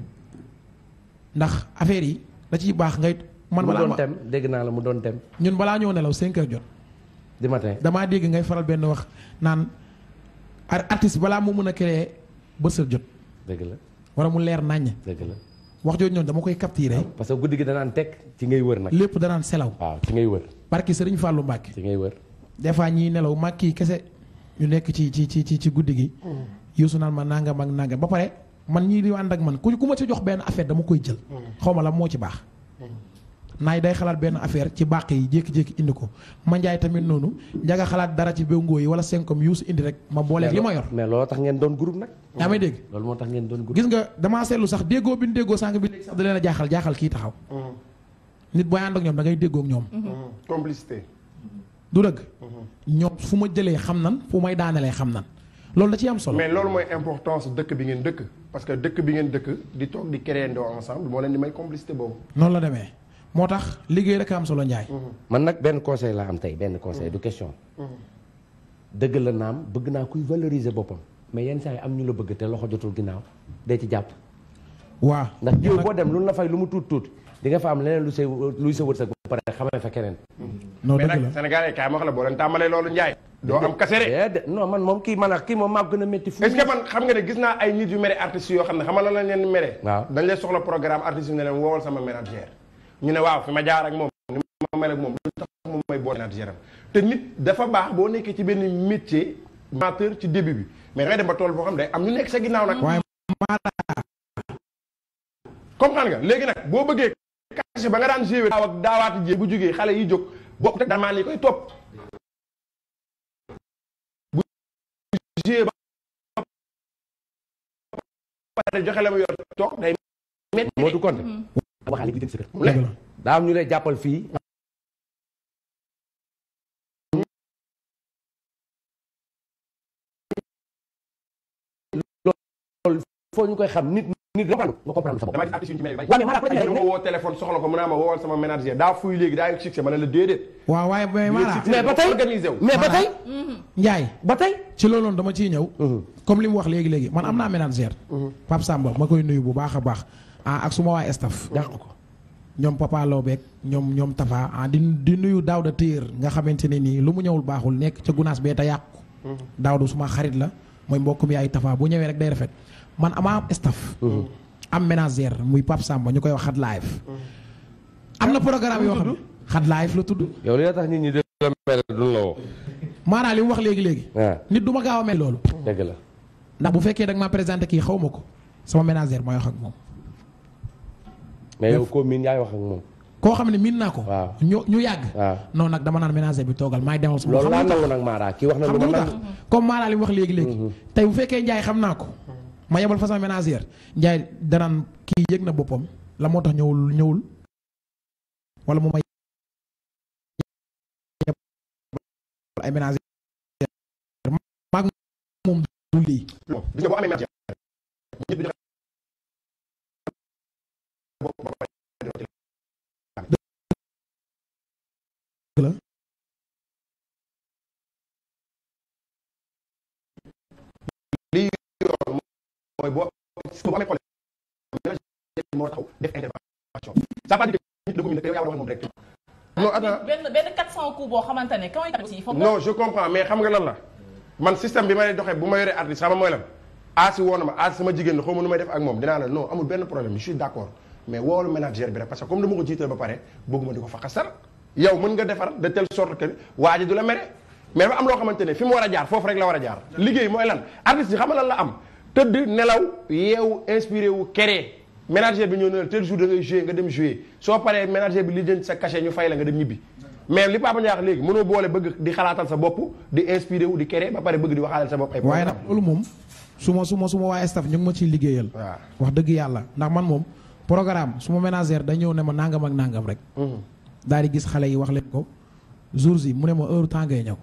ndax affaire yi da ciy baax ngay. man balaa ma mu doon dégg naa la mu doon dem ñun balaa ñëw nelaw 5 heures jot. di matin damaa dégg ngay faral benn wax naan artiste balaa mu mën a créer bësal jot. dëgg la wala mu leer nàññ la. wax jooju noonu dama koy capturé. Ah, parce que guddi gi danaan teg ci ngay wër nag. lépp danaan selaw. waaw ah, ci ngay wër. barki Sëriñ Fàllu Mbàkke. ci ngay wër. des fois ñiy nelaw mag kii kese ñu nekk ci ci ci ci guddi gi. Mm. yuusu naan ma nangam ak nangam ba pare man ñii di ànd ak man ku ma ci jox benn affaire dama koy jël. Mm. xaw ma la moo ci baax. Mm. naay day xalaat benn affaire ci bàq yi jékki-jékki indi ko ma njaay tamit noonu njaga xalaat dara ci béngoo yi wala senkom yuusu indi rek ma booleeg li ma yor mais loolu tax ngeen doon groupe nag yaa may dégg moo tax ngeen doon groupe nga damaa seetlu sax déggoo bi ñu sànq bi leen a jaaxal jaaxal taxaw mm-hmm. nit booy ànd ak ñoom da ngay déggoo ñoom mm-hmm. Mm-hmm. complicité du dëgg ñoom fu ma jëlee xam nan fu may daanelee xam nan loolu da ci am mais loolu mooy importance dëkk bi ngeen dëkk parce que dëkk bi ngeen dëkk di toog di créer ndoo ensemble moo leen di may complicité boobu noonu la demee moo tax liggéey rek am solo njaay mhm. man nag benn conseil laa am tey benn conseil du question. Mhm. dëgg la naam bëgg naa kuy valoriser boppam mais yenn saa yi am ñu la bëgg te loxo jotul ginnaaw day ci jàpp. waaw ndax jiw boo dem lu la fay lu mu tuut tuut di fa am leneen lu say luy sa wërsëg ba pare xamee fa keneen. Mhm. non dëgg la mais nag Sénégalais kaay ma wax boo leen tàmbalee loolu Ndiaye. doo am kase de non man moom kii man ak kii moom maa gën a métti fu est ne gis naa ay nit yu mere ne xamal la leen mere. waaw dañ lay soxla programme artistes yi ñu ne waaw fi ma jaar ak moom ni ma mel ak moom lu tax moom may boole manager te nit dafa baax boo nekkee ci benn métier amateur ci début bi mais ngay dem ba tool boo xam day am ñu nekk sa ginnaaw nag. waaye maanaam. comprendre nga léegi nag boo bëggee cachet ba nga daan géwél daaw ak daawaati jéeg bu jógee xale yi jóg bokk rek damaa li koy topp. bu géwél ba pare joxe la mu yor toog day métti. moo du compte. waxaale gi dem daa ñu lay jàppal fii loolu foo ñu koy xam nit nit nga comprendre sa bopp dama gis artiste soxla ko mu naa ma sama ménager daa fuy daa ma ne la déedéet waaw waaye mais ba tey wu mais ba tey Ndiaye ba tey ci looloon dama ciy ñëw mhm. comme li mu wax léegi-léegi man am na ménager mhm. Pape Samba ma koy nuyu bu baax a baax ah ak suma waa staff dàq ko ñoom Papa Lawbeeg ñoom ñoom Tafa ah di di nuyu daaw da téer nga xamante ne nii lu mu ñëwul baaxul nekk ca gunaas bee te yàqu mhm. daaw du suma xarit la mooy mbokk mi ay Tafa bu ñëwee rek day rafet man ama am staff mhm. am ménagère muy Pape Samba ñu koy wax xat mhm. am na programme yoo xam ne xat la tudd yow li tax nit ñi di la mere duñ la woo maanaam li mu wax léegi-léegi nit du ma gaaw a mel loolu ndax bu fekkee da ma présenté kii xaw ma ko sama ménagère mooy mais yow koo miin yaay wax ak moom. koo xam ne miin naa ko. waaw ñu ñu yàgg. waaw non nag dama naan ménager bi toogal maay demal. loolu laa nangu nag Mara kii wax na lu ma nangu comme Mara li wax léegi léegi. Mm-hmm. tey bu fekkee Ndiaye xam naa ko. ma yebal fa sama ménagère Ndiaye danaan kii yëg na boppam la moo tax ñëwul ñëwul wala mu may ay ménagère su ko amee problème moo taxaw a wax ah, lan la man système bi may doxee bu ma yoree artiste sama mooy lan aasi woon na ma aasi sama jigéen la xaw nu may def ak moom dinaa la non amul benn problème je suis d'accord mais woolu manager bi rek parce que comme dama ko jiital ba pare bëgguma di ko fa xasal yow mën nga defar de telle sorte que waa ji du la mere mais dafa am loo xamante ne fi mu war a jaar foofu rek la war a jaar liggéey mooy lan artiste yi xam nga lan la am tëdd nelaw yeewu inspiré wu créé ménager bi ñoo ne la tel jour da ngay nga dem joué soo paree ménager bi li jënd sa cachet ñu fay la nga dem ñibbi mais li Papa Ndiaye wax léegi mënoo boole bëgg di xalaatal sa bopp di inspiré wu di kere ba pare bëgg di waxaalal sa bopp ay waaye nag loolu moom su ma suma ma su ma waa ma ciy liggéeyal waaw wax dëgg yàlla ndax man moom programme su ma ménagère da ñëw ne ma nàngam ak nangam rek mhm. daal di gis xale yi wax leen ko jours yi mu ne ma heure temps ngay ñëw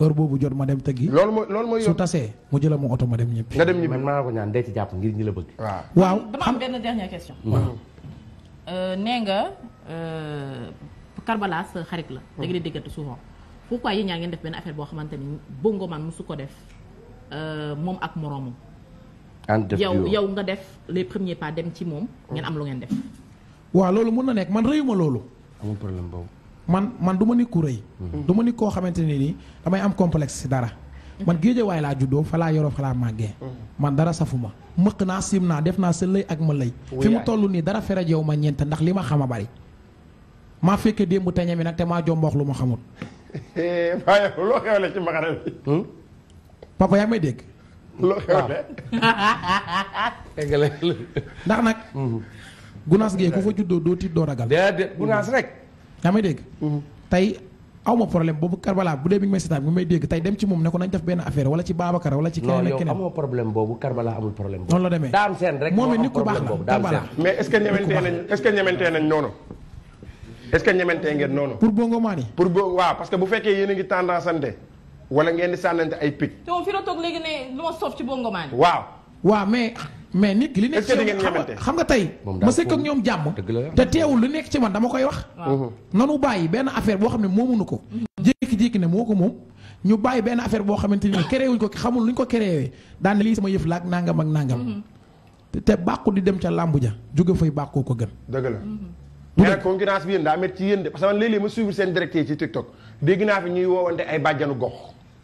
heure boobu jot ma dem tëggi. loolu mooy loolu mooy su tasee mu jëla ma oto ma dem ñibbi. nga dem ñibbi man maa ko ñaan dee ci jàpp ngir ñi la bëgg. waaw waaw dama am benn dernière question. Mm-hmm. Euh, nee nga euh, Karbala sa xarit la. da ngeen di déggante souvent pourquoi yéen ñaa ngeen def benn affaire boo xamante ni Bongo Man su ko def euh, moom ak moroomam. yow yow nga def les premiers pas dem ci moom. ngeen am lu ngeen def. waaw loolu mun na nekk man rëyuma loolu. amul boobu. man man du ma nit ku rëy. du nit koo xamante ne nii damay am complexe si dara. man géejewaay laa juddoo falaa laa yoroo fa laa màggee. man dara safuma mëq naa sim naa def naa sa ak ma lëy. fi mu toll nii dara fere jeew ma ñeent ndax li ma xam a bari. maa fekkee démb te ñami nag te maa jomboox lu ma xamul. Eh, waaye loo xewle hmm? papa yaa may dégg. ndax nag. Hmm. gunaas gee ku fa juddoo doo tiit doo ragal. rek. yaa may dégg. Mhm. tey aw ma problème boobu Karbala bu dee mi ngi may seetaan mi may dégg tey dem ci moom ne ko nañ def benn affaire wala ci Babacar wala ci. keneen ak keneen non yow amoo problème boobu Karbala amul problème boobu. noonu la demee daam seen rek moom it nit ku baax la Karbala. mais est-ce que ñemente nañ est-ce que ñemente nañ noonu. est-ce que ñemente ngeen noonu. pour bongo maani. pour bo waaw parce que bu fekkee yéen a ngi tendance ante wala ngeen di sànnante ay pic. te moom fi la toog léegi ne lu ma soof ci bongo maani. waaw waaw mais mais nit ki li nekk ci yow xam nga tey ma sëkk ak ñoom jàmm te teewul lu nekk ci man dama koy wax nanu bàyyi benn affaire boo xam ne moomunu ko jékki-jékki ne moo ko moom ñu bàyyi benn affaire boo xamante ni créé wuñ ko xamul luñ ko créé daan lii sama yëf la ak nangam ak nangam te bàqu di dem ca làmbu ja jóge fay bàqoo ko gën dëgg la mais nag concurrence bi yéen daa métti ci yéen de parce que man léeg-léeg ma suivre seen direct yi ci TikTok dégg naa fi ñuy woowante ay bàjjanu gox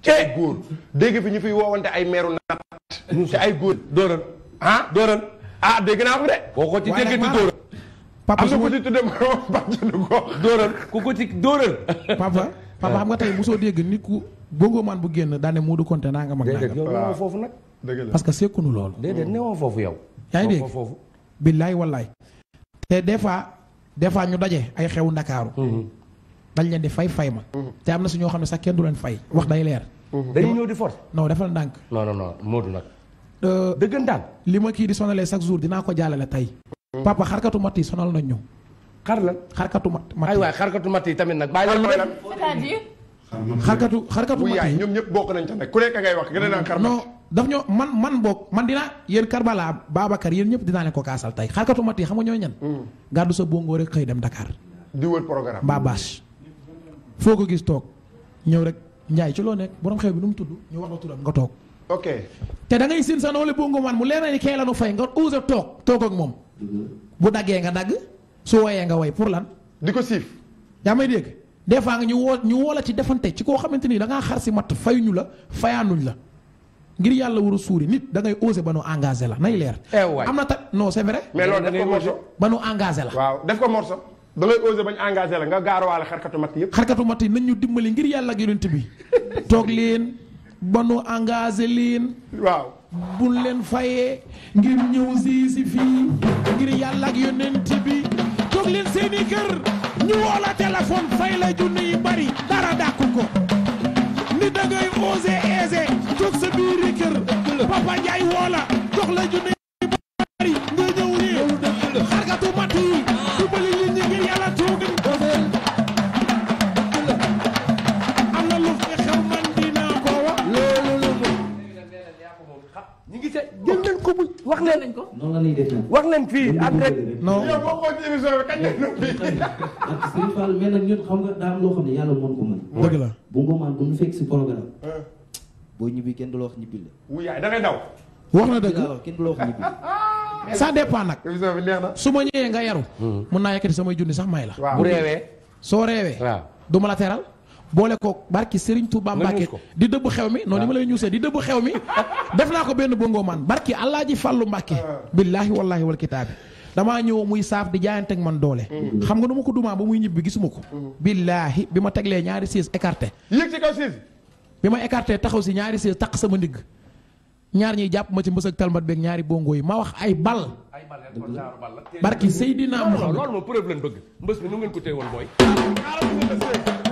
ci ay eh! góor dégg fi ñu fiy woowante ay meeru natt ci ay góor dóoral ah dóoral ah dégg naa ko de. boo ko ci déggati dóoral. papa ma am na ku ci tuddee moom dóoral ku ko ci dóoral. papa papa xam nga tey mosoo dégg nit ku bëggoomaan bu génn daane Modou Konté naa nga mag naa nga. yow newoo foofu nag. parce que sekkunu loolu. déedéet newoo foofu yow. yaa ngi dégg foofu. billaay wallaay. te des fois des fois ñu daje ay xewu ndakaaru mhm. dañ leen di fay fay ma. Mhm. te am na ñoo xam ne sax kenn du leen fay. wax day leer. Mhm. dañuy ñëw di force. non defal ndànk. non non non Euh, dëggantaan li ma kii di sonalee chaque jour dinaa ko jàllale tey. Hmm. papa xarkatu matt yi sonal nañ ñu. xar la xarkatu matt matt yi xarkatu matt yi tamit nag. bàyyi leen lan c'est-à-dire. xarkatu matt yi ñoom ñëpp bokk nañ ci nag ku nekk ngay wax gën a naan daf ñoo man man bokk man dinaa yéen Karbala Babacar yéen ñëpp dinaa leen ko kaasal tey xarkatu matt yi xam nga ñooy ñan. Hmm. gàddu sa bongo rek xëy dem Dakar. di wër programme mbaa bâche. foo ko gis toog ñëw rek Ndiaye ci loo nekk borom xew bi nu mu tudd ñu wax la turam nga toog ok te da ngay sin sa noole bongo man mu leer na ni kee la nu fay nga uuse toog toog ak moom. Mm-hmm. bu daggee nga dagg su woyee nga woy pour lan. di ko siif. yaa may dégg des fois nga ñu woo ñu woola ci defante ci koo xamante ni da xar si matt fayuñu la fayaanuñ la ngir yàlla waru suuri nit dangay ngay ba nu engagé la nay leer. Eh, am na ta noo c'est vrai. mais loolu def ko morso ba nu engagé la. waaw def ko morso. da ngay osé engagé la nga gaaruwaale xarkatu matt yëpp. xarkatu matt yi nañ ñu dimbali ngir yàlla ak yonent bi ba nu engagé leen. waaw buñ leen fayee ngir ñëw si si fii ngir yàlla ak yonent bi toog leen seeni kër ñu woo la téléphone fay la junni yi bari dara dàkku ko ni da ngay osé aisé toog sa biiri kër Papa Ndiaye woo la jox la junni yi bari nga ñëw nii xarkatu mat yi wax leen noonu la ñuy def wax leen fii ak rek non yow boo dëgg la bu boo ñibbi kenn du la wax ñibbi da wax na dëgg kenn du la wax ñibbi nag su ma ñëwee nga yaru mën hmm. naa yëkkati samay junni sax may la bu reewee soo reewee waaw du ma la teral boole ko barki Serigne Touba Mbacke di dëbb xew mi noonu ni ma ah. lay ñuusee di dëbb xew mi def naa ko benn bëngoo man barki Alaaji Fàllu Mbacke ah. billaahi wallaahi wal kitaabi damaa ñëw muy saaf di jaayante ak man doole mm. xam nga nu ma ko dumaa ba muy ñibbi gisuma ko mm. billaahi bi ma teglee ñaari siis écarté yëg bi ma écarté taxaw si ñaari siis taq sama ndigg ñaar ñuy jàpp ma ci mbës ak talmat beeg ñaari bongo yi ma wax ay bal barki Seydina Muhammad loolu moom preuve lañ bëgg mbës mi nu ngeen ko booy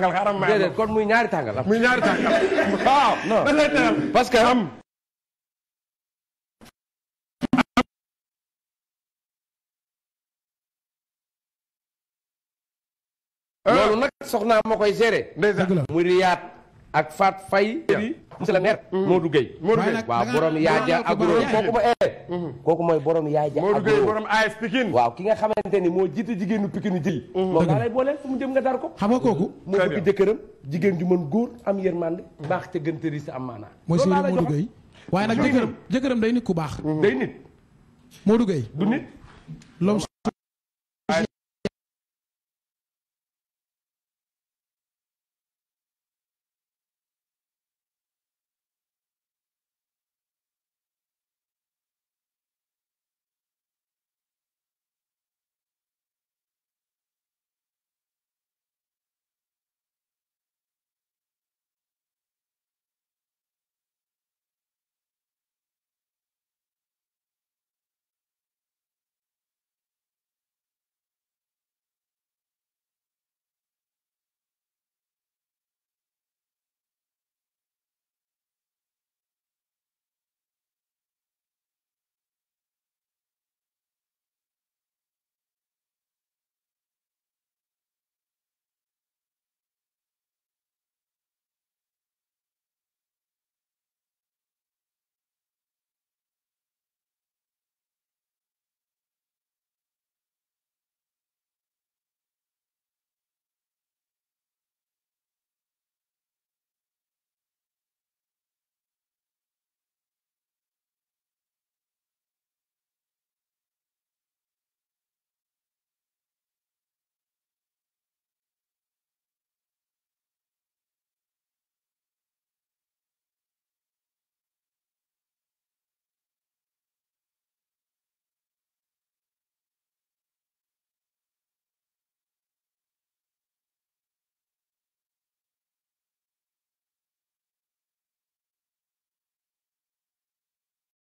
tàngal xaaral ma ñaari tàngal muy ñaari tàngal parce que am euh. loolu nag soxnaa koy gérer muy riyaat ak Fat Faye monsieur le maire mm. Modou Gueye Modou Gueye waaw borom yaaja agro kooku ma ee eh. kooku mooy borom yaay Modou Gueye borom AS Pikine waaw ki nga xamante ni moo jiite jigéenu Pikine jëli mm. moom laa lay booleel fu mu jëm nga dar ko xam nga kooku moo bëgg jëkkëram jigéen ju mën góor am yërmande baax ca gëntëri si am moo si sëriñ Modou Gueye waaye nag jëkkëram jëkkëram day nit ku baax mm-hmm. day nit Modou Gueye du nit l'homme